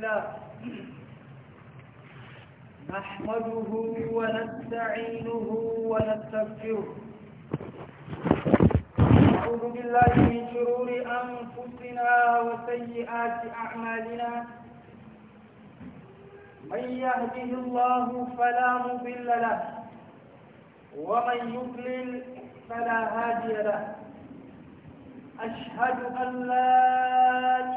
الله نحمده ونستعينه ونستغفره نعوذ بالله من شرور أنفسنا وسيئات أعمالنا من يهده الله فلا مضل له ومن يضلل فلا هادي له أشهد أن لا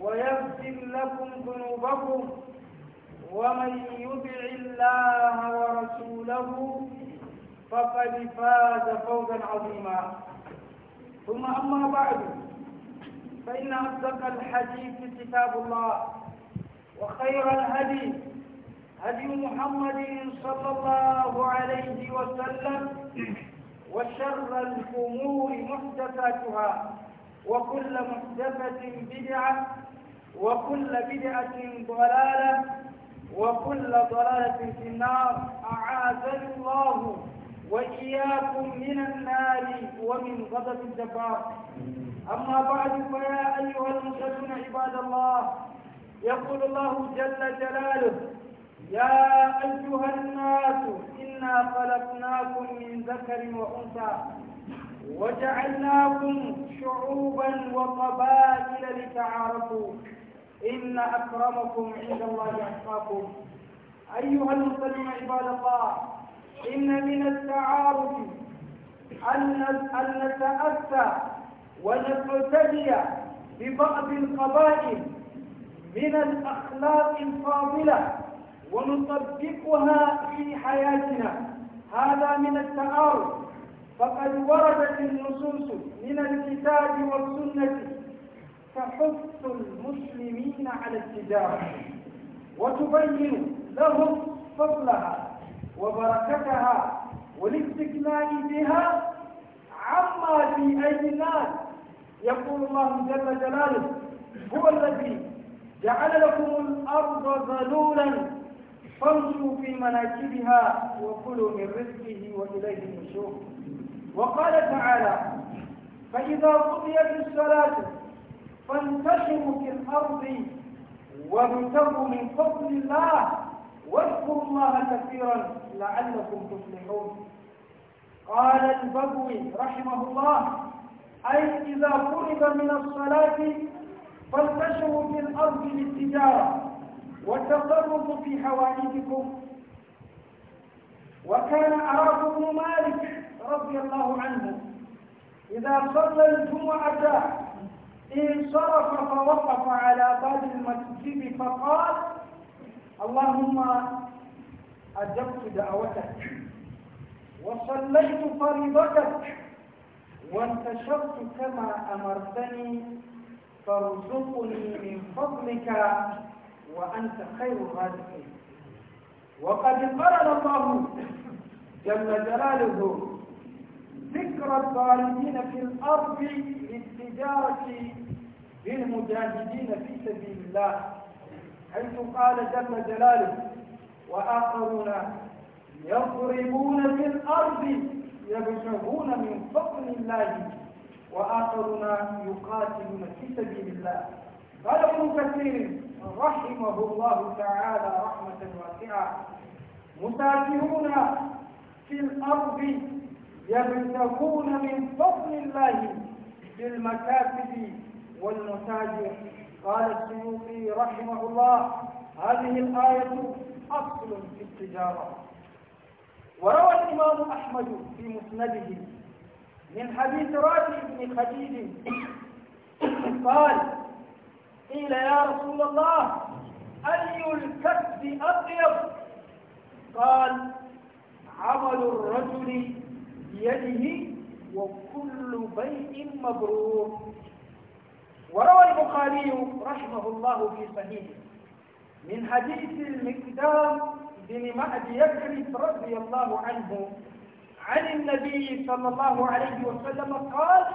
ويغفر لكم ذنوبكم ومن يطع الله ورسوله فقد فاز فوزا عظيما ثم أما بعد فإن أصدق الحديث كتاب الله وخير الهدي هدي محمد صلى الله عليه وسلم وشر الأمور محدثاتها وكل محدثة بدعة وكل بدعة ضلالة وكل ضلالة في النار أعاذني الله وإياكم من النار ومن غضب الجبار أما بعد فيا أيها المسلمون عباد الله يقول الله جل جلاله يا أيها الناس إنا خلقناكم من ذكر وأنثى وجعلناكم شعوبا وقبائل لتعارفوا إن أكرمكم عند الله أتقاكم أيها المسلمون عباد الله إن من التعارف أن نتأسى ونقتدي ببعض القبائل من الأخلاق الفاضلة ونطبقها في حياتنا هذا من التعارف فقد وردت النصوص من الكتاب والسنة تحث المسلمين على التجارة وتبين لهم فضلها وبركتها والاستغناء بها عما في أيدي الناس يقول الله جل جلاله هو الذي جعل لكم الأرض ذلولا فامشوا في مناكبها وكلوا من رزقه وإليه النشور وقال تعالى فإذا قضيت الصلاة فانتشروا في الأرض وابتغوا من فضل الله واذكروا الله كثيرا لعلكم تفلحون قال البدوي رحمه الله أي إذا قرب من الصلاة فانتشروا في الأرض للتجارة والتصرف في حوائجكم وكان أراد بن مالك رضي الله عنه إذا صلى الجمعة انصرف فوقف على باب المسجد فقال اللهم أجبت دعوتك وصليت فريضتك وانتشرت كما أمرتني فارزقني من فضلك وأنت خير الرازقين وقد قرن الله جل جلاله ذكرى الظالمين في الأرض للتجارة للمجاهدين في سبيل الله حيث قال جل جلاله وآخرون يضربون في الأرض يبشرون من فضل الله وآخرون يقاتلون في سبيل الله قال ابن كثير رحمه الله تعالى رحمة واسعة مسافرون في الأرض يبتغون من فضل الله المكاسب والمتاجر قال السيوطي رحمه الله هذه الآية أصل في التجارة وروى الإمام أحمد في مسنده من حديث راشد بن خديج قال قيل يا رسول الله أي الكسب أطيب قال عمل الرجل بيده وكل بيت مبرور وروى البخاري رحمه الله في صحيحه من حديث المقدام بن معد يكرم رضي الله عنه عن النبي صلى الله عليه وسلم قال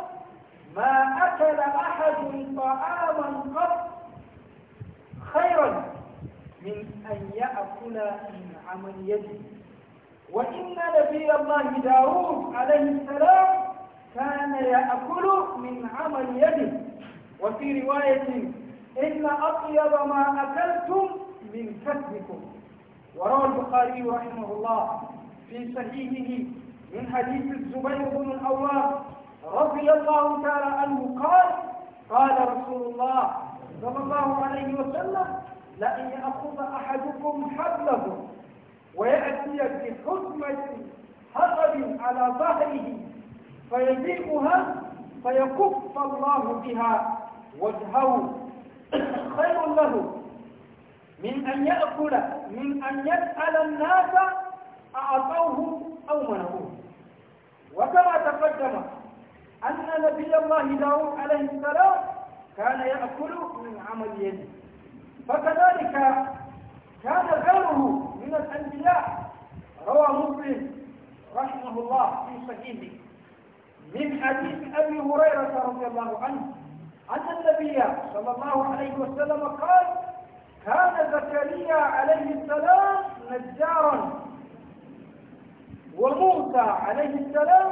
ما أكل أحد طعاما قط خيرا من أن يأكل من عمل يده وإن نبي الله داود عليه السلام كان يأكل من عمل يده وفي رواية إن أطيب ما أكلتم من كسبكم وروى البخاري رحمه الله في صحيحه من حديث الزبير بن الأواب رضي الله تعالى عنه قال قال رسول الله صلى الله عليه وسلم لئن يأخذ أحدكم حبله ويأتي بحكمة حقب على ظهره فيبيعها فيكف الله بها وجهه خير له من أن يأكل من أن يسأل الناس أعطوه أو منعوه وكما تقدم أن نبي الله داود عليه السلام كان يأكل من عمل يده فكذلك كان غيره من الأنبياء روى مسلم رحمه الله في صحيحه من حديث أبي هريرة رضي الله عنه أن عن النبي صلى الله عليه وسلم قال كان زكريا عليه السلام نجارا وموسى عليه السلام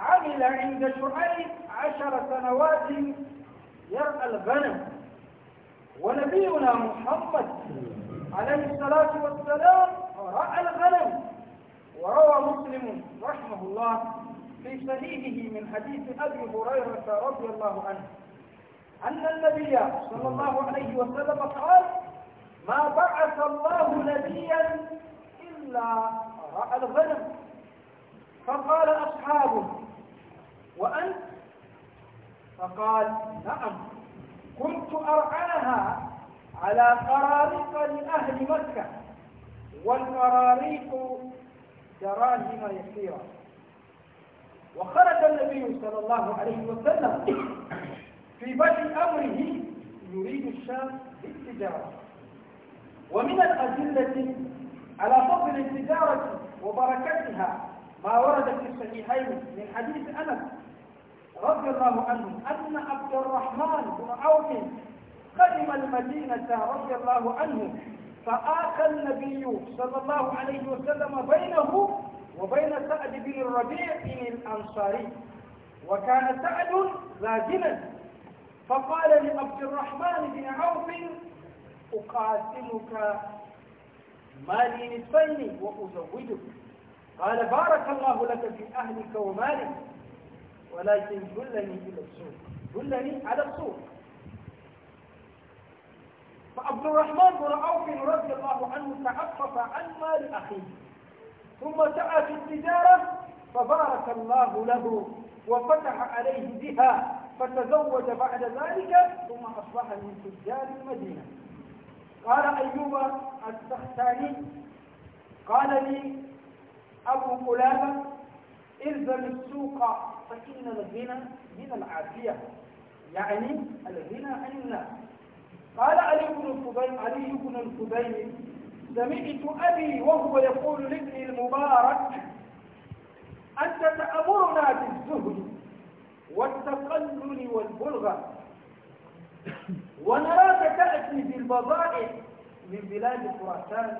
عمل عند شعيب عشر سنوات يرأى الغنم ونبينا محمد عليه الصلاة والسلام رأى الغنم وروى مسلم رحمه الله في صحيحه من حديث أبي هريرة رضي الله عنه أن النبي صلى الله عليه وسلم قال ما بعث الله نبيا إلا رأى الغنم فقال أصحابه وأنت فقال نعم كنت أرعاها على قراريق لأهل مكة والقراريق دراهم يسيرة وخرج النبي صلى الله عليه وسلم في بدء أمره يريد الشام بالتجارة ومن الأدلة على فضل التجارة وبركتها ما ورد في الصحيحين من حديث أنس رضي الله عنه أن عبد الرحمن بن عوف قدم المدينة رضي الله عنه فآتى النبي صلى الله عليه وسلم بينه وبين سعد بن الربيع بن الأنصاري وكان سعد راجلا فقال لعبد الرحمن بن عوف أقاسمك مالي نصفين وأزوجك قال بارك الله لك في أهلك ومالك ولكن دلني إلى السوق دلني على السوق فعبد الرحمن بن عوف رضي الله عنه تعفف عن مال أخيه ثم سعى في التجارة فبارك الله له وفتح عليه بها فتزوج بعد ذلك ثم أصبح من تجار المدينة قال أيوب السختاني قال لي أبو قلابة الزم السوق فإن الغنى من العافية يعني الغنى عن الناس قال علي بن الخبيب علي بن الخبيب سمعت أبي وهو يقول لابن المبارك أنت تأمرنا بالزهد والتقلل والبلغة ونراك تأتي بالبضائع من بلاد خراسان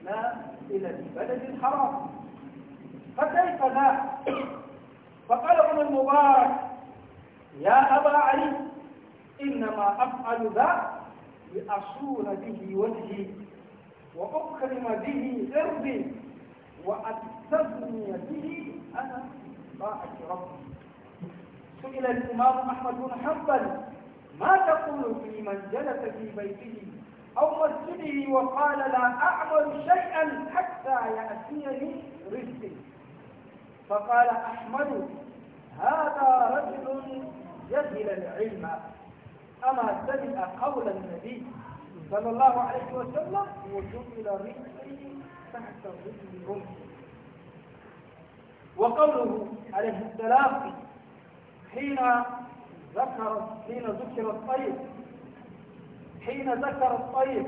إلى إلى البلد الحرام فكيف لا؟ فقال ابن المبارك يا أبا علي إنما أفعل ذا لأصون به وجهي وأكرم به عرضي وأتبني به أنا طاعة ربي سئل الإمام أحمد بن حنبل ما تقول في من جلس في بيته أو مسجده وقال لا أعمل شيئا حتى يأتيني رزقي فقال أحمد هذا رجل جهل العلم أما سمع قول النبي صلى الله عليه وسلم وجعل رجلي تحت رجل رمحي وقوله عليه السلام حين ذكر حين ذكر الطيب حين ذكر الطيب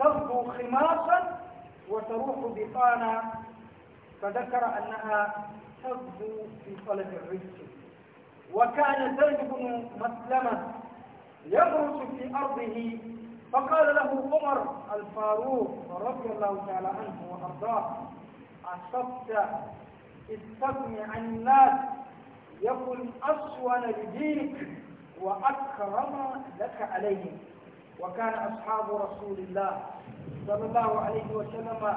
تبدو خماصا وتروح بطانا فذكر أنها تبدو في طلب الرزق وكان زيد بن مسلمة يغرس في أرضه فقال له عمر الفاروق رضي الله تعالى عنه وأرضاه أصبت استغن عن الناس يكن اصون لدينك وأكرم لك عليهم وكان أصحاب رسول الله صلى الله عليه وسلم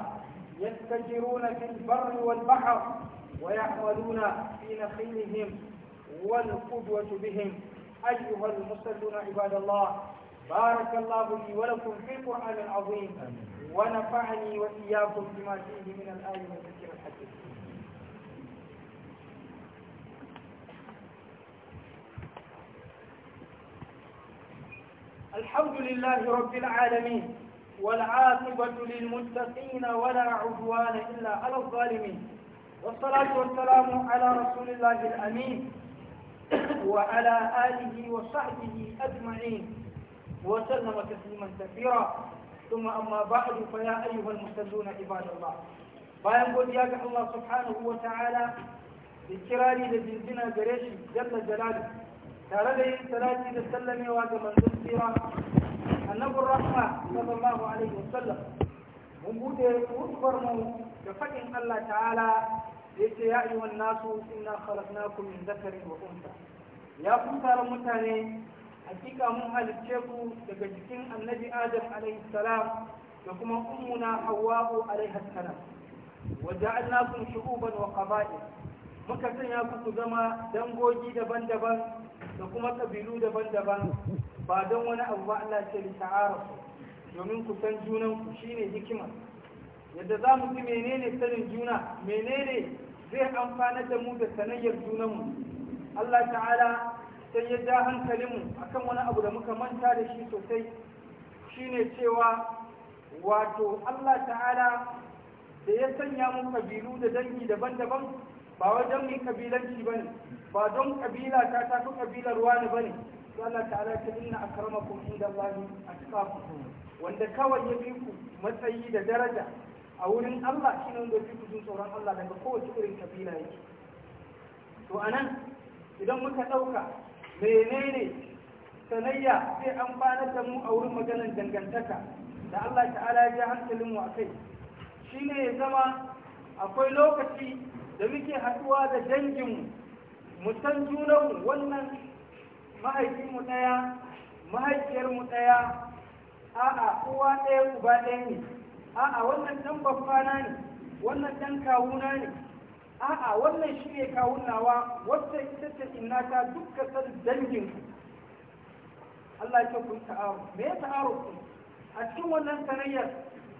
يتجرون في البر والبحر ويعملون في نخيلهم والقدوة بهم أيها المصلون عباد الله بارك الله لي ولكم في القرآن العظيم ونفعني وإياكم بما فيه من الآية والذكر الحكيم الحمد لله رب العالمين والعاقبة للمتقين ولا عدوان إلا على الظالمين والصلاة والسلام على رسول الله الأمين وعلى آله وصحبه أجمعين وسلم تسليما كثيرا ثم أما بعد فيا أيها المسلمون عباد الله bayan godiya ga Allah subhanahu wa ta'ala da kirari da jinjina gare shi jalla jalalu tare da yin salati da sallamewa ga manzon tsira annabin rahma sallallahu alaihi wa sallam mun bude hutubar mu da faɗin Allah ta'ala da yace ya ayyuhan nasu ya fi taron mutane hakika mun halicce ku daga jikin annabi adam alaihi salam da kuma ummuna hawwa'u alaihi salam wa ja'alnakum shu'uban wa qaba'il muka sanya ku ku zama dangogi daban-daban da kuma kabilu daban-daban ba don wani abu ba Allah ce li ta'arafu domin ku san junan ku shine hikima yadda za mu ji menene sanin juna menene zai amfana da mu da sanayyar junanmu Allah ta'ala sai ya hankalin hankalinmu akan wani abu da muka manta da shi sosai shine cewa wato Allah ta'ala da ya sanya mu kabilu da dangi daban-daban ba wajen mai kabilanci ba ne ba don kabila ta tafi kabilar wani ba ne Allah ta'ala ta inna akramakum inda Allah atqakum wanda kawai ya fi ku matsayi da daraja a wurin Allah shine wanda fi ku jin tsoron Allah daga kowace irin kabila yake to anan idan muka ɗauka menene sanayya sai an fara da mu a wurin maganar dangantaka da Allah ta'ala ya hankalin mu akai shine ya zama akwai lokaci da muke haɗuwa da danginmu mu san wannan mahaifinmu ɗaya mahaifiyarmu ɗaya a'a uwa ɗaya uba ɗaya ne a'a wannan ɗan babbana ne wannan ɗan kawuna ne a'a wannan shi ne kawunawa wacce ita ce ta dukkan san dangin Allah ya ku ta'aru me ya ta'aru ku a cikin wannan sanayyar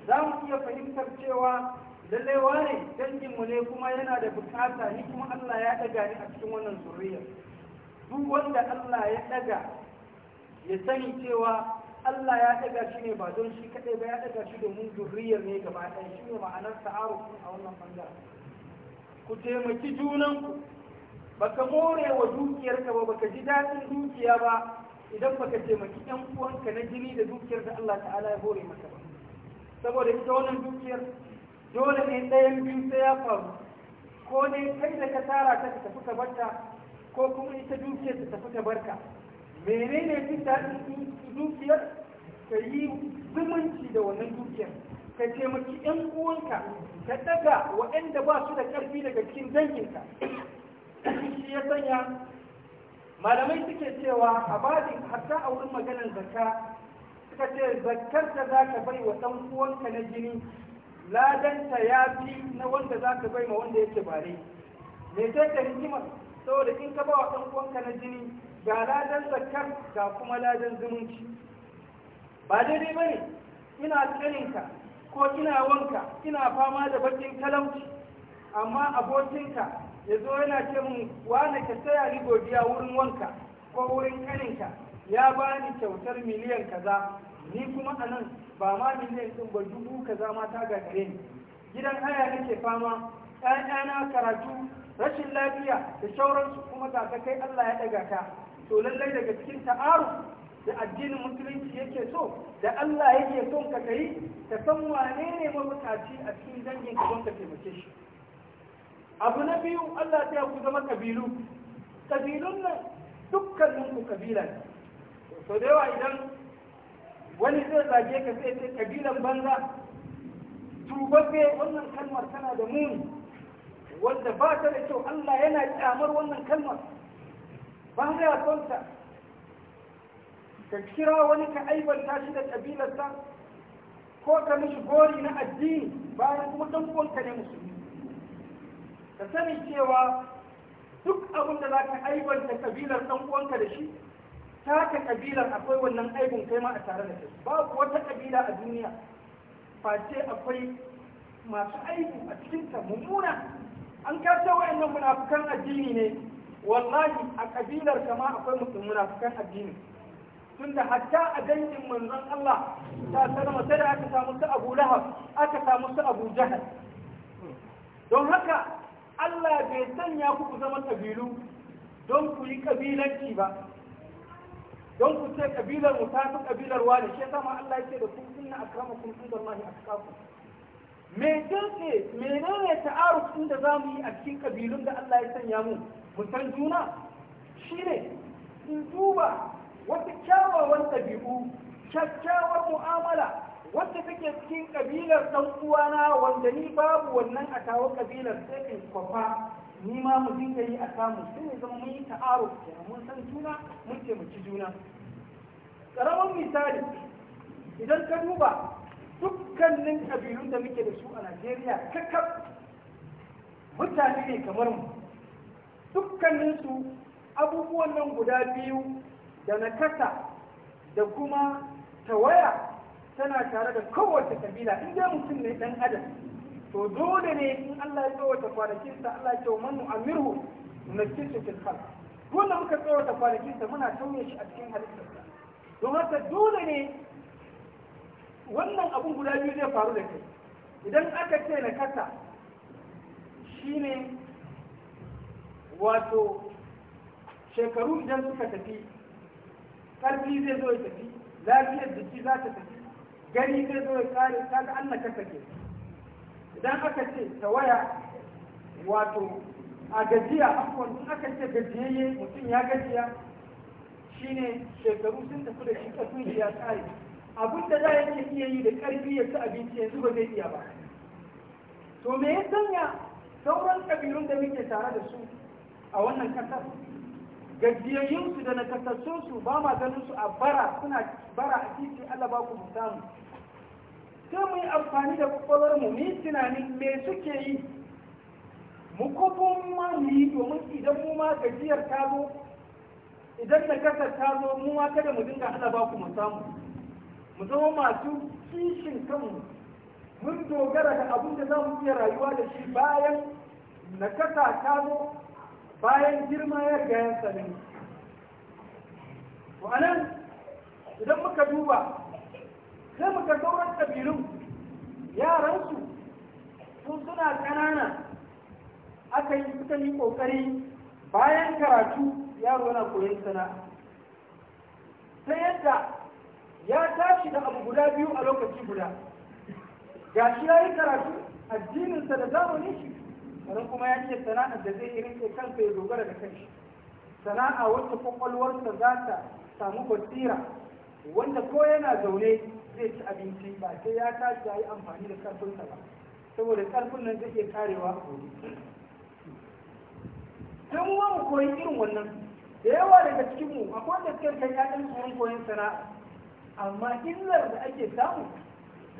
za mu iya fahimtar cewa lalle wane dangin mu ne kuma yana da bukata ni kuma Allah ya daga ni a cikin wannan zuriyar duk wanda Allah ya daga ya sani cewa Allah ya daga shi ne ba don shi kadai ba ya daga shi domin zuriyar ne gaba ɗaya shi ne ma'anar ta'aru a wannan bangaren ku taimaki junanku baka more wa dukiyarka ba baka ji daɗin dukiya ba idan baka taimaki ɗan uwanka na jini da dukiyar da Allah ta'ala ya hore maka ba saboda ita wannan dukiyar dole ne ɗayan biyu sai ya faru ko ne kai da ka tara ta ka tafi ka barka ko kuma ita dukiyar ta tafi ka barka menene jin daɗin dukiyar ka yi zumunci da wannan dukiyar ka taimaki ‘yan uwanka ka daga waɗanda ba su da ƙarfi daga cikin danginka shi ya sanya malamai suke cewa a babin hatta a wurin maganar zakka suka ce zakkar da za ka bai wa ɗan uwanka na jini ladanta ya fi na wanda za ka bai ma wanda yake bare me sai ka hikima saboda in ka ba wa ɗan uwanka na jini ga ladan zakar ga kuma ladan zumunci ba daidai ba ne ina tsaninka ko ina wanka ina fama da bakin talauci amma abokinka ya zo yana ce mun wane ka taya ni godiya wurin wanka ko wurin kaninka ya ba ni kyautar miliyan kaza ni kuma a nan ba ma miliyan ɗin ba dubu kaza ma ta gagare ni gidan haya nake fama ɗan karatu rashin lafiya da shauransu kuma ga kai Allah ya ɗaga ka to lallai daga cikin ta'aru da addinin musulunci yake so da Allah yake son ka kai ka san wane ne mabukaci a cikin dangin ka don ka taimake shi abu na biyu Allah ta ku zama kabilu kabilun nan dukkanin ku kabila ne so da yawa idan wani zai zage ka sai ce kabilan banza tubabbe wannan kalmar tana da muni wanda ba ta da kyau Allah yana kyamar wannan kalmar ba zai son ta ka kira wani ka aibanta shi da ƙabilarsa ko ka mishi gori na addini bayan kuma ɗan uwanka ne musulmi ka sani cewa duk abin da za ka aibanta ƙabilar ɗan uwanka da shi taka ƙabilar akwai wannan aibin kai ma a tare da kai babu wata ƙabila a duniya face akwai masu aibu a cikinta mummuna an kasa wa'annan munafukan addini ne wallahi a ƙabilar kama akwai mutum munafukan addini tunda hatta a dangin manzon Allah ta sanama sai da aka samu su Abu Lahab aka samu su Abu Jahal don haka Allah bai sanya ku ku zama kabilu don ku yi kabilanci ba don ku ce kabilar mu ta fi kabilar wani shi yasa ma Allah yake da ku inna akramakum indallahi atqakum me dinke menene ta'aruf din da zamu yi a cikin kabilun da Allah ya sanya mu mu san juna shine in duba wasu kyawawan ɗabi'u kyakkyawar mu'amala wanda take cikin ƙabilar ɗan uwana wanda ni babu wannan a kawo ƙabilar sai in kwafa ni ma mu dinga yi a samu sai ne zama mun yi ta'aruf mun san juna mun taimaki juna karamin misali idan ka duba dukkanin ƙabilun da muke da su a Najeriya kakkab mutane ne kamar mu dukkanin abubuwan nan guda biyu da nakasa da kuma tawaya tana tare da kowace kabila in dai mutum ne dan adam to dole ne in Allah ya tsawata kwanakinsa Allah ya ce man nu'amirhu nunakkisu fil khalq dole muka tsawata kwanakinsa muna tauye shi a cikin halittarsa don haka dole ne wannan abun guda biyu zai faru da kai idan aka ce na kasa ne wato shekaru idan suka tafi ƙarfi zai zo ya tafi lafiyar jiki za ta tafi gani zai zo ya kare ta ga Allah ka sake idan aka ce tawaya wato a gajiya akwai aka ce gajiyayye mutum ya gajiya shine shekaru sun tafi da shi ƙarfin ya kare abin da za yake iya yi da ƙarfi ya ci abinci yanzu ba zai iya ba to me ya sanya sauran ƙabilun da muke tare da su a wannan ƙasar gajiyayyunsu da nakasassunsu ba ma ganin su a bara suna bara a titi Allah ba ku samu sai mu yi amfani da kwakwalwar mu ni tunanin me suke yi mu kofo ma mu yi domin idan mu ma gajiyar ta zo idan nakasar ta zo mu ma kada mu dinga Allah ba ku mu samu mu zama masu kishin kanmu mun dogara da abin da za mu iya rayuwa da shi bayan nakasa ta zo bayan girma ya riga ya sami wa'anan idan muka duba sai muka sauran kabilun yaransu sun suna ƙanana aka yi suka yi ƙoƙari bayan karatu yaro yana koyon sana. ta yadda ya tashi da abu guda biyu a lokaci guda ga shi ya yi karatu addininsa da zamanin shi sannan kuma ya ce sana'a da zai rinke kansa ya dogara da kanshi sana'a wacce kwakwalwarsa za ta samu basira wanda ko yana zaune zai ci abinci ba sai ya tashi ya yi amfani da karfinsa ba saboda karfin nan zai iya karewa a gobe mu mu koyi irin wannan da yawa daga cikin mu akwai da suke kai ya tsoron koyon sana'a amma illar da ake samu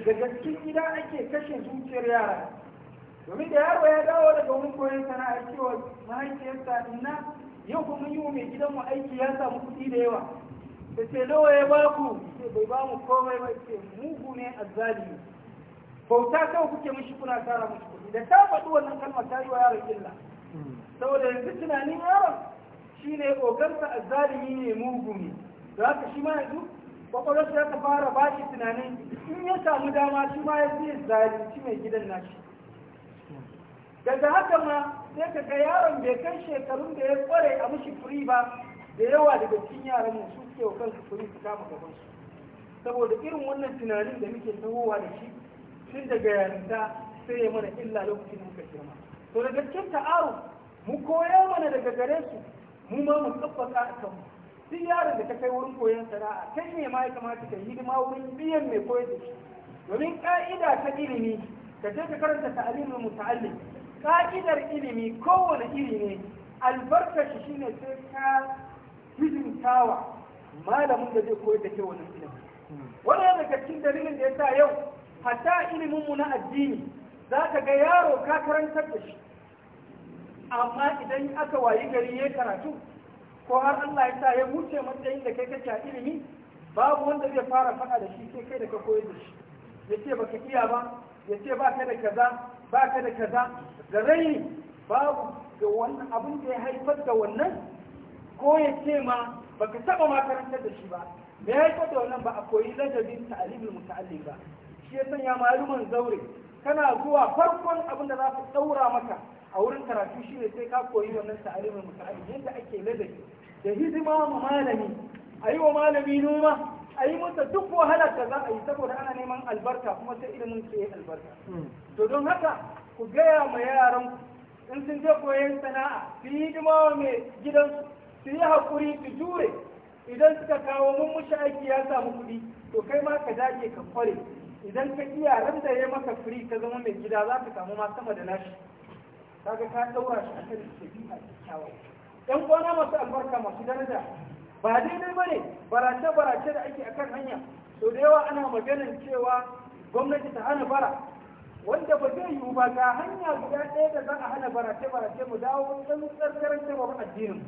daga cikin gida ake kashe zuciyar yara domin da yaro ya dawo daga wani koyon sana'a cewa mahaifiyarsa inna yau kuma yi wa mai gidan mu aiki ya samu kuɗi da yawa da ce nawa ya ba ku ce bai ba mu komai ba ce mugu ne azzali bauta kawai kuke mishi kuna tara mishi kuɗi da ta faɗi wannan kalmar ta yi wa yaron illa saboda yanzu tunanin yaron shi ne ƙoƙarsa azzalimi ne mugu ne da haka shi ma yanzu kwakwalwarsa ya ta fara ba shi tunanin in ya samu dama shi ma ya fiye zalunci mai gidan nashi daga haka ma sai ka ga yaron bai kai shekarun da ya kware a mushi firi ba da yawa daga cikin yaran mu su ke su firi su kama gaban su saboda irin wannan tunanin da muke tahowa da shi tun daga yarinta sai ya mana illa lokacin muka girma to daga cikin ta'aru mu koya mana daga gare su mu ma mu tsabbaka a kanmu duk yaron da ka kai wurin koyon sana'a kai ne ma ya kamata ka hidima wurin biyan mai koyar da shi domin ka'ida ta ilimi ka je ka karanta ta'alimin muta'allim ka'idar ilimi kowane ilimi ne albarkashi shine sai ka hidimtawa malamin da zai koyar da ke wani ilimi wani yana daga cikin dalilin da ya sa yau hatta ilimin mu na addini za ka ga yaro ka karantar da shi amma idan aka wayi gari ya karatu ko har Allah ya sa ya wuce matsayin da kai kake a ilimi babu wanda zai fara faɗa da shi sai kai da ka koyar da shi ya ce baka iya ba ya ce ba ka da kaza ba ka da kaza da rai babu da wannan abin da ya haifar da wannan ko ya ce ma baka taba makarantar da shi ba da ya haifar da wannan ba a koyi ladabin ta'alimul muta'allim ba shi ya sanya maluman zaure kana zuwa farkon abin da za su daura maka a wurin karatu shi ne sai ka koyi wannan ta'alimul muta'allim yadda ake ladabi da hidima ma malami a yi malami noma a yi masa duk wahalar da za a yi saboda ana neman albarka kuma sai ilimin su yi albarka hmm. to don haka ku gaya ma yaran in sun je koyon sana'a su yi hidima mai gidansu su yi haƙuri su jure idan suka kawo mun mushi aiki ya samu kuɗi to kai ma ka dage ka kware idan ka iya ran da ya maka firi ka zama mai gida za ka samu ma sama da nashi kaga ka ɗaura shi akan ɗabi'a kyakkyawa ‘Yan kwana masu albarka masu daraja ba daidai ba ne barace-barace da ake akan hanya to da yawa ana maganin cewa gwamnati ta hana bara wanda ba zai yiwu ba ga hanya guda ɗaya da za a hana barace-barace mu dawo wajen tsarkarar cewar addinin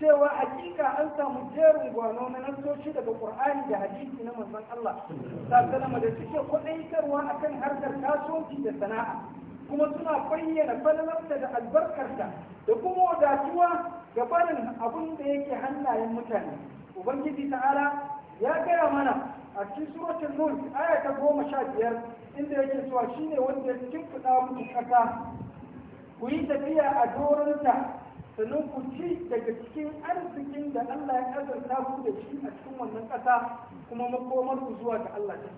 cewa hakika an samu jerin gwano na nasoshi daga ƙur'ani da hadisi na manzon Allah sallallahu alaihi da suke kwadaitarwa akan harkar kasuwanci da sana'a kuma suna bayyana falalarta da albarkarta da kuma wadatuwa ga barin abin da yake hannayen mutane ubangiji ta'ala ya gaya mana a cikin suratul mulk aya ta goma sha biyar inda yake cewa shine wanda ya kimfida muku kasa ku yi tafiya a dorinta sannan ku ci daga cikin arzikin da Allah ya azurta ku da shi a cikin wannan ƙasa kuma makomar zuwa ga Allah ta.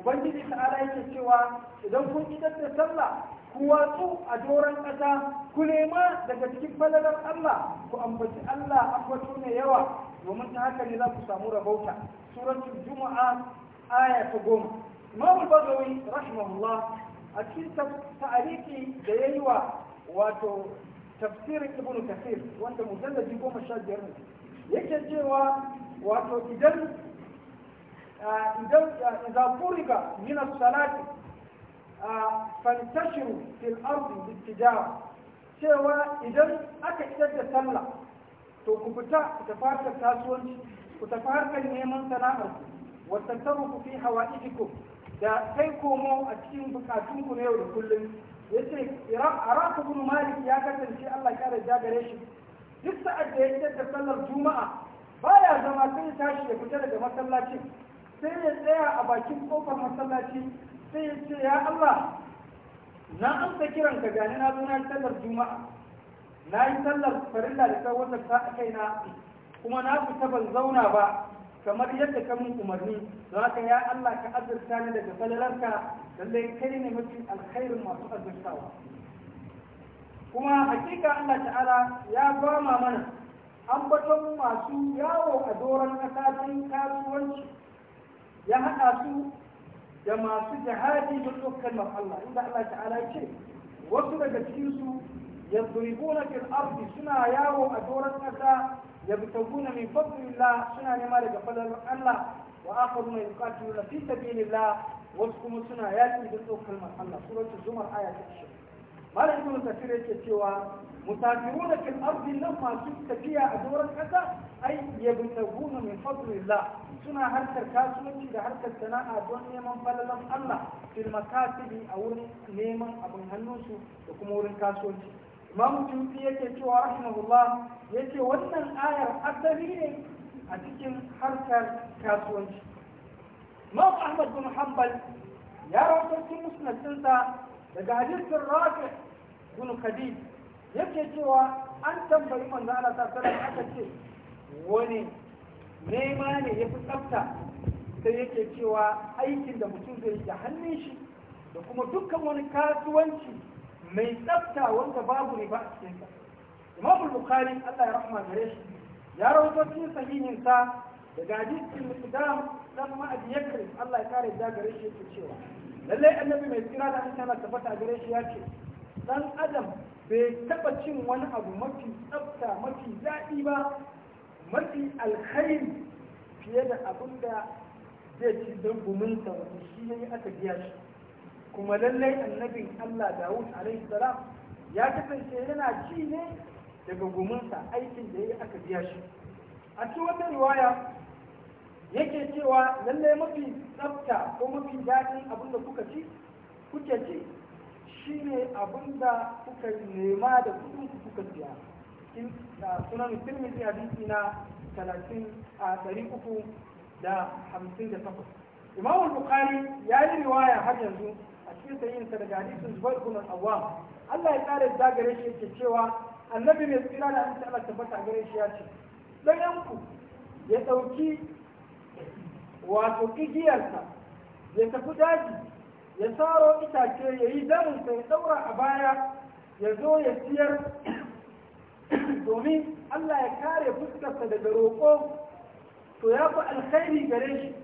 Ubangiji ta'ala yake cewa idan kun idar da sallah ku watsu a doron ƙasa ku nema daga cikin falalar Allah ku ambaci Allah ambato ne yawa domin ta haka ne za ku samu rabauta suratul juma'a aya ta goma imam al a cikin ta'aliki da yayi wa wato tafsirin ibn kathir wanda mujalladi goma sha biyar ne yake cewa wato idan idan idza quriba salati A fil ardi bittijara cewa idan aka isar da sallah to ku fita ku tafi harkar kasuwanci ku tafi harkar neman sana'ar wa tattaruku fi hawaijikum da kai komo a cikin ku na yau da kullum yace araku bin malik ya kasance Allah ya rada gare shi duk sa'ad da ya da sallar juma'a baya zama sai ya tashi ya fita daga masallacin sai ya tsaya a bakin kofar masallaci sai ya ce ya Allah na amsa kiran ka gani na zo na yi sallar juma'a na yi sallar farilla da ta wata ta a na, kuma na fita ban zauna ba kamar yadda ka mun umarni don haka ya Allah ka azurta ni daga falalarka lallai kai ne mafi alkhairin masu azurtawa kuma hakika Allah ta'ala ya ba mana an bato masu yawo a doron ƙasa don kasuwanci ya haɗa su da masu jihadi don dukkan Allah inda Allah ta'ala ce wasu daga cikinsu su yadribuna fil arzi suna yawo a doron kasa yabtaguna min fadlillah suna nema daga fadlan Allah wa akharuna yuqatiluna fi sabilillah wasu kuma suna yaƙi don dukkan Allah suratul zumar aya 20 mara ibn kasir yake cewa musafiruna fil ardi nan masu tafiya a doron kasa ai yabtaguna min fadlillah suna harkar kasuwanci da harkar sana'a don neman falalan Allah fil makasibi a wurin neman abin hannunsu da kuma wurin kasuwanci imam tuti yake cewa rahimahullah yake wannan ayar asali ne a cikin harkar kasuwanci Imam Ahmad bin Hanbal ya rawaito musnadinsa daga hadisin rafi bin khadid yake cewa an tambayi manzo Allah ta sallam aka ce wani nema ne fi tsafta sai yake cewa aikin da mutum zai yi da hannun shi da kuma dukkan wani kasuwanci mai tsafta wanda babu ne ba a cikinsa Imam Bukhari Allah ya rahma gare shi ya rawaito cikin sahihin sa daga hadisin mutadam dan ma'adi Allah ya kare da gare shi yake cewa lallai annabi mai tsira da an tana tabbata gare shi ya ce dan adam bai taba cin wani abu mafi tsafta mafi daɗi ba mafi alkhairi fiye da abin da zai ci don guminsa wata shi ne aka biya shi kuma lallai annabin Allah Dawud alaihi salam ya kasance yana ci ne daga guminsa aikin da ya aka biya shi a cikin wata riwaya yake cewa lallai mafi tsafta ko mafi daɗin abin da kuka ci kuke ci shi ne abin da kuka nema da kudin ku kuka siya sunan tirmidhi hadisi na talatin a ɗari uku da hamsin da takwas imamu bukari ya yi riwaya har yanzu a cikin sayin sa daga hadisin zubair bin Allah ya tsara da gare shi yake cewa annabi mai tsira da an Allah tabbata gare shi ya ce ɗan yanku ya ɗauki wato igiyarsa ya tafi daji ya saro itace ya yi zaninsa ya daura a baya ya zo ya siyar domin Allah ya kare fuskarsa daga roƙo to ya fi alkhairi gare shi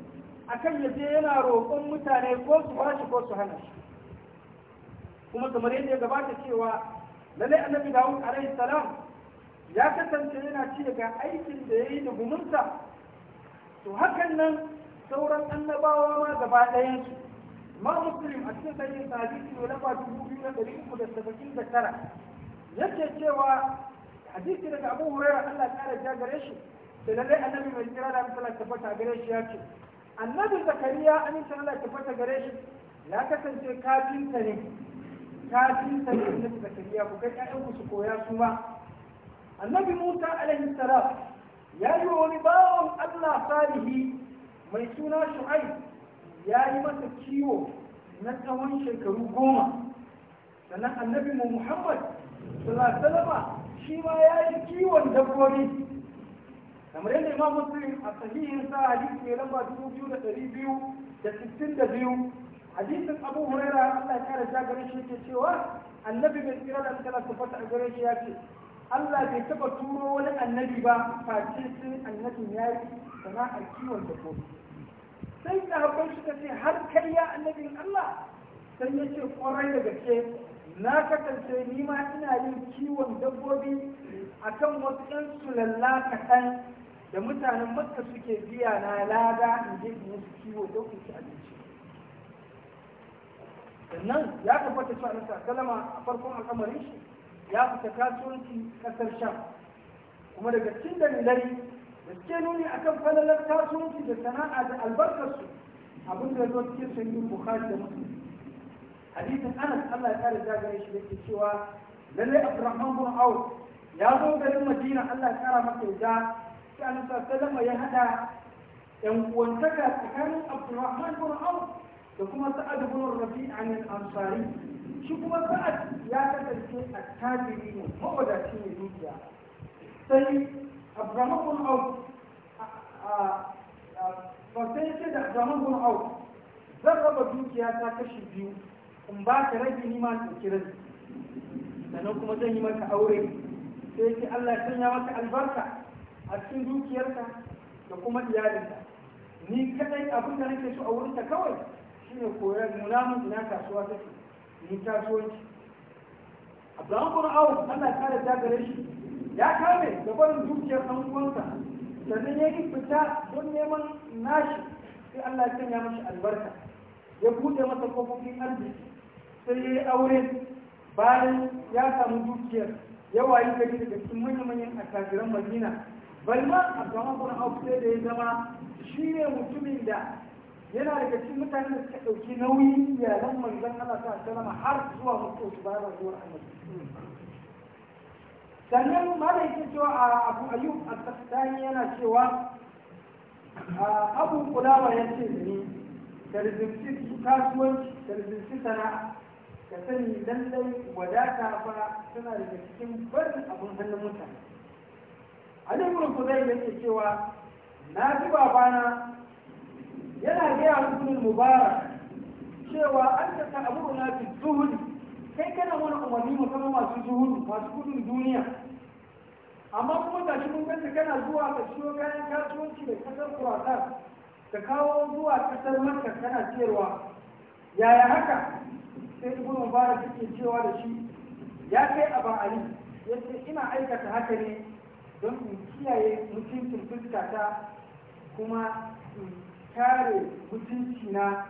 akan ya je yana roƙon mutane ko su ba ko su hana shi kuma kamar yadda ya gabata cewa lalai annabi dawud alaihi salam ya kasance yana ci daga aikin da ya yi da gumunsa to hakan nan sauran annabawa ma gaba ɗayan su ma muslim a cikin sahihin hadisi ne lamba dubu biyu da ɗari uku da saba'in da tara yake cewa hadisi daga abu hurairah Allah ya kara ja gare shi da lallai annabi mai kira da misali tabbata gare shi ya ce annabi zakariya an san Allah tabbata gare shi ya kasance kafinta ne kafinta ne annabi zakariya ku kai ƴaƴan su koya su ma annabi Musa alaihi salam ya yi wa wani bawan Allah salihi mai suna shu'ai ya yi masa kiwo na tsawon shekaru goma sannan annabi mu muhammad salama shi ma ya yi kiwon dabbobi kamar yadda imam muslim a sahihin sa hadisi mai lamba dubu biyu da ɗari biyu da sittin da biyu hadisin abu huraira allah ya kare shagarin shi ke cewa annabi mai tsira da tsira su fata a gare shi ya ce Allah bai taba turo wani annabi ba face sun annabin ya yi sana'ar kiwon dabbobi sai sahabbai shi ce har karya annabin Allah sai ya ce kwarai da gaske na kasance ni ma ina yin kiwon dabbobi akan wasu ɗan sulalla kaɗan da mutanen makka suke biya na lada in je in yi kiwo don in ci abinci sannan ya tabbata cewa nasa salama a farkon al'amarin shi ya fita kasuwanci kasar sham kuma daga cikin dalilai da suke nuni akan falalar kasuwanci da sana'a da albarkarsu abin da zo cikin sanyin bukhari da muslim hadisin anas allah ya kare zagaye shi da ke cewa lallai abdurrahman bin auf ya zo garin madina allah ya kara masa yadda sai sallama ya hada yan uwantaka tsakanin abdurrahman bin auf da kuma sa'ad bin rabi'a min ansari shi kuma sa'ad ya kasance attajiri ne mawadaci ne dukiya sai Abdurrahman kun Auf ba sai ce da Abdurrahman kun Auf zan raba dukiya ta kashi biyu in ba ka rage ni ma ɗauki rabi sannan kuma zan yi maka aure sai ce Allah ya sanya maka albarka a cikin dukiyarka da kuma iyalinka ni kadai abin da nake so a wurinta kawai shine koyar nuna mun ina kasuwa take ni kasuwanci Abdurrahman bin Auf Allah ya kare dagare shi ya kame da barin dukiyar ɗan sannan ya yi fita don neman nashi sai Allah ya sanya mashi albarka ya buɗe masa kofofin arziki sai ya yi aure bayan ya samu dukiyar ya wayi gari daga cikin manyan manyan attajiran madina balma abdama bin auf sai da ya zama shi ne mutumin da yana daga cikin mutanen da suka ɗauki nauyin iyalan manzan Allah ta sallama har zuwa mutuwa su bayan zuwa annabi sannan malai ta cewa a abu ayyub a tsakitani yana cewa abu kulawa ya ce ni da su kasuwanci da sana ka sani lallai wadata fa suna daga cikin barin abun hannun mutane a nan wurin ku zai yake cewa na ji babana yana gaya mutumin mubarak cewa an ta ta abu na fi kai kana wani umarni musamman masu zuhudu masu gudun duniya amma kuma ga shi mun ganta kana zuwa ka siyo kayan kasuwanci da kasar kwasar ka kawo zuwa kasar makka kana siyarwa yaya haka sai ibn mubarak yake cewa da shi ya kai aba ali ce ina aikata haka ne don in kiyaye mutuncin ta kuma in kare mutunci na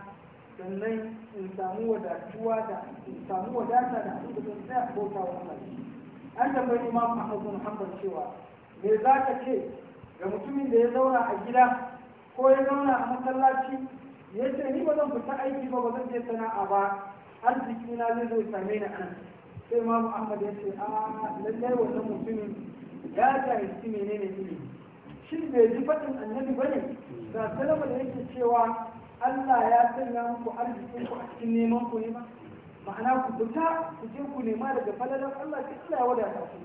sannan in samu wadatuwa da in samu wadata da abin da zan tsaya bauta wa an tambayi imam ahmad Muhammad cewa me za ka ce ga mutumin da ya zauna a gida ko ya zauna a masallaci ya ce ni ba zan fita aiki ba ba zan je sana'a ba arziki na zai zo same ni anan sai imam ahmad ya ce a ah, lallai wannan mutumin ya jahilci menene ne shi bai ji faɗin annabi ba ne da salama da yake cewa Allah ya sanya muku arzikin ku a cikin neman ku ne ba ma'ana ku fita ku je ku nema daga falalar Allah sai Allah ya wadata ku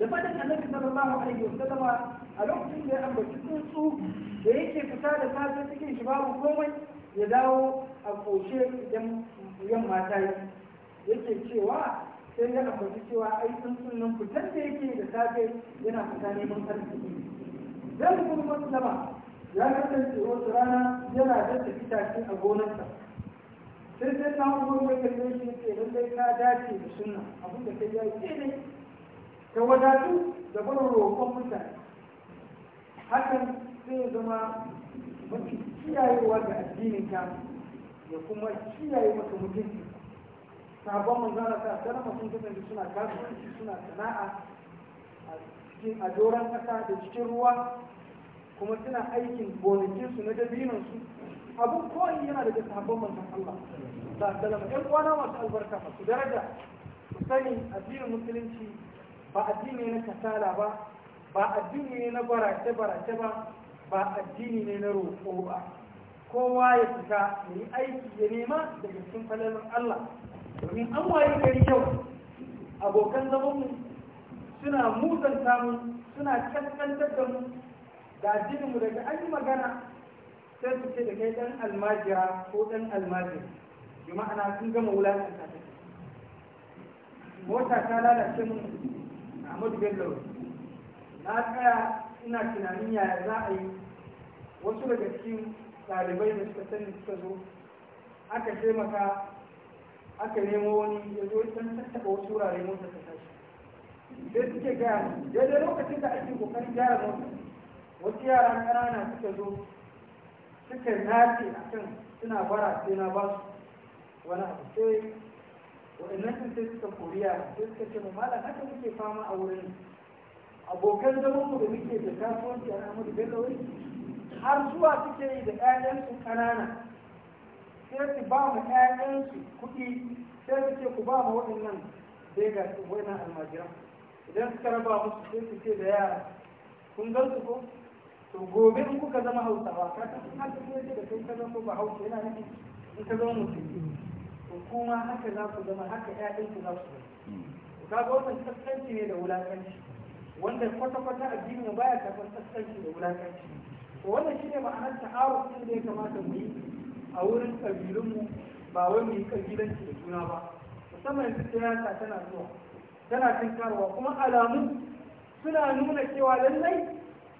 da fadin annabi sallallahu alaihi wa a lokacin da ya ambaci tsuntsu da yake fita da safe cikin shi babu komai ya dawo a koshe idan yan mata yi yake cewa sai ya ambaci cewa ai tsuntsun nan fitar da yake da safe yana fita neman arziki zan kuma sallama ya kasance wata rana yana da tafi tafi a gonarsa sai sai ta hukun mai kalle shi ke lallai ka dace da sunna abin da kai yayi ke ne ka wadatu da barin roƙon mutane hakan zai zama mafi kiyayewa ga addinin ka da kuma kiyaye maka mutunci sabon manzana ta sarrafa sun kasance suna kasuwanci suna sana'a a cikin adoran ƙasa da cikin ruwa kuma suna aikin gonakinsu na dabinansu Abin kawai yana da sahabban manzon Allah da sallama ɗan uwana masu albarka masu daraja su sani addinin musulunci ba addini ne na kasala ba ba addini ne na barace barace ba ba addini ne na roƙo ba kowa ya fita ya yi aiki ya nema daga cikin falalin Allah domin an waye gari yau abokan zamanmu suna mutan samu suna kaskantar da mu da addininmu daga an yi magana sai su ce da kai dan almajira ko dan almajir bi ma'ana sun gama wulakanta ta mota ta lalace mun Ahmadu Bello na tsaya ina tunanin yaya za a yi wasu daga cikin ɗalibai da suka sani suka zo aka taimaka aka nemo wani ya zo don tattaɓa wasu wurare mota ta tashi sai suke gaya daidai lokacin da ake kokarin gyara mota wasu yara ƙanana suka zo suka nafi a kan suna bara sai na ba su wani abu sai waɗannan sun sai suka koriya sai suka ce mu malam haka muke fama a wurin abokan zaman mu da muke da kasuwanci a namu da gallawai har zuwa suke yi da ƴaƴansu ƙanana sai su ba mu 'ya'yansu kuɗi sai su ce ku ba mu waɗannan sai ga waɗannan almajiran idan suka raba musu sai su ce da yara kun gan su ko to gobe in kuka zama hausawa ka san in haka ne da kai ka zama ba hausa yana nufin in ka zama musulmi to kuma haka za ku zama haka ƴaƴan ku za su zama ka ga wannan kaskanci ne da wulakanci wanda kwata-kwata addini mu baya karɓar kaskanci da wulakanci to wannan shine ma'anar ta'aruf din da ya kamata mu yi a wurin kabilunmu ba wai mu yi kabilanci da juna ba musamman yanzu siyasa tana zuwa tana cin karuwa kuma alamu suna nuna cewa lallai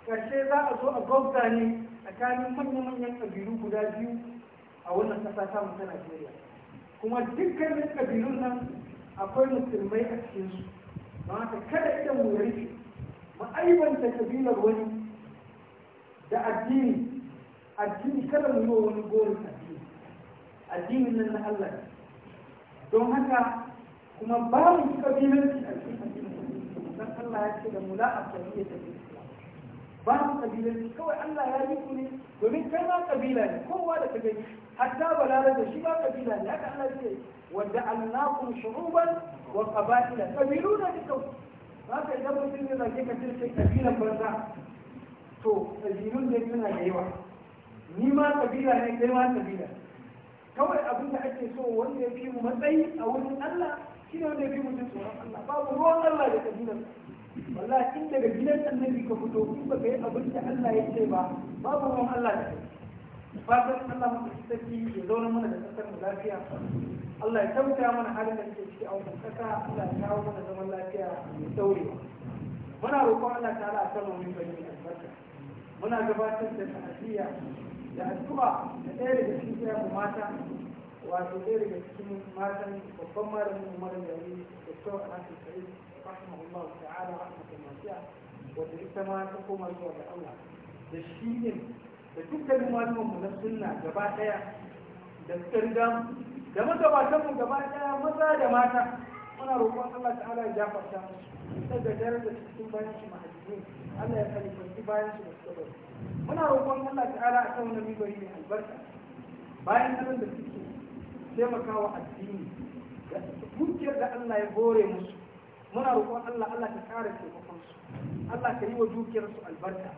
ƙarshe za a zo a gwauta ne tsakanin manya-manyan ƙabilu guda biyu a wannan ƙasa ta mu ta Najeriya kuma dukkanin ƙabilun nan akwai musulmai a cikinsu don haka kada idan mu rufe ma'aibanta ƙabilar wani da addini addini kada mu yi wa wani gorin addini addinin nan na Allah don haka kuma ba babu ƙabilanci a cikin addini don Allah ya ce da mu la a tafiye tafiye babu ne kawai Allah ya yi ku ne domin kai ma kabila ne kowa da ka gani hatta da shi ba kabila ne haka Allah ce wanda annakum shu'uban wa qabaila kabilu na duka haka idan mutum ne zage ka ce kabilan banza to kabilun ne suna da yawa ni ma kabila ne kai ma kabila kawai abin da ake so wanda ya fi mu matsayi a wurin Allah shi ne wanda ya fi mu tsoron Allah babu ruwan Allah da kabilan wallahi in daga gidan annabi ka fito in ba ka yi abin da Allah ya ce ba babu ruwan Allah da fatan Allah mu sarki ya zauna mana da kasar mu lafiya Allah ya tabbata mana halin da muke ciki a wannan kasa Allah ya kawo mana zaman lafiya mai daurewa muna roƙon Allah ala a kan wani da albarka muna gabatar da ta'aziyya da addu'a da ɗaya daga cikin iyayen mata wato ɗaya daga cikin matan babban malamin umar da yi da kyau a nasu sa'id rahimahullah ta'ala rahmatan wasiya wanda ita ma ta koma zuwa ga Allah da shi ne da dukkanin malamanmu na sunna gaba ɗaya da suka riga da magabatanmu gaba ɗaya maza da mata muna roƙon Allah ta'ala ya jafarta musu daga daren da cikin bayan shi mahajjin Allah ya kalifanci bayan shi da suka bari muna roƙon Allah ta'ala a kan wani mibari mai albarka bayan nan da suke taimakawa addini da dukiyar da Allah ya hore musu muna roƙon Allah Allah ta kare taimakon su Allah ka yi wa dukiyar su albarka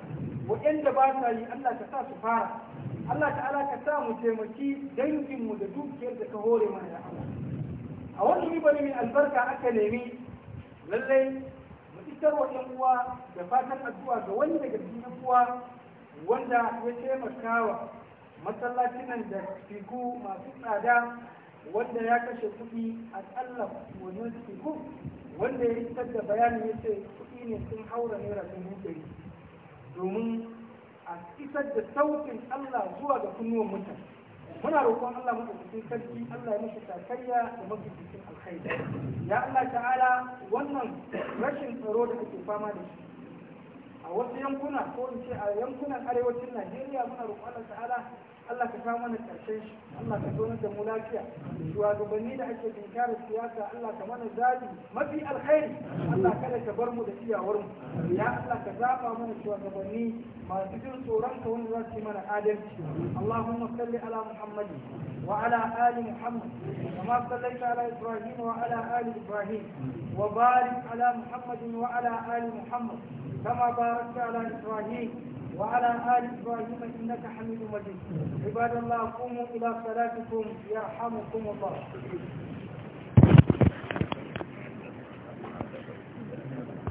waɗanda ba sa yi Allah ka sa su fara Allah ta'ala ka sa mu taimaki dangin mu da dukiyar da ka hore mana ya Allah a wani ribani mai albarka aka nemi lallai mu isar wa ɗan uwa da fatan addu'a ga wani daga cikin uwa wanda ya taimakawa masallacin nan da fiku masu tsada wanda ya kashe kuɗi a tsalla wajen fiku wanda ya isar da bayanin ya ce kuɗi ne sun haura naira dubu ɗari domin a isar da saukin allah zuwa ga kunnuwan mutane muna roƙon allah maɗaukakin sarki allah ya mashi takayya da mafi alkhairi ya allah ta'ala wannan rashin tsaro da kake fama da shi a wasu yankuna ko in ce a yankunan arewacin najeriya muna roƙon allah ta'ala Allah ka kawo mana karshen shi Allah ka zo da mu lafiya shugabanni da ake binkara siyasa Allah ka mana zabi mafi alkhairi Allah kada ka bar mu da ciyawar mu ya Allah ka zaba mana shugabanni masu jin tsoron ka wanda za su yi mana adalci Allahumma salli ala Muhammad wa ala ali Muhammad kama sallaita ala Ibrahim wa ala ali Ibrahim wa barik ala Muhammad wa ala ali Muhammad kama barakta ala Ibrahim وعلى آل إبراهيم إنك حميد مجيد عباد الله قوموا إلى صلاتكم يرحمكم الله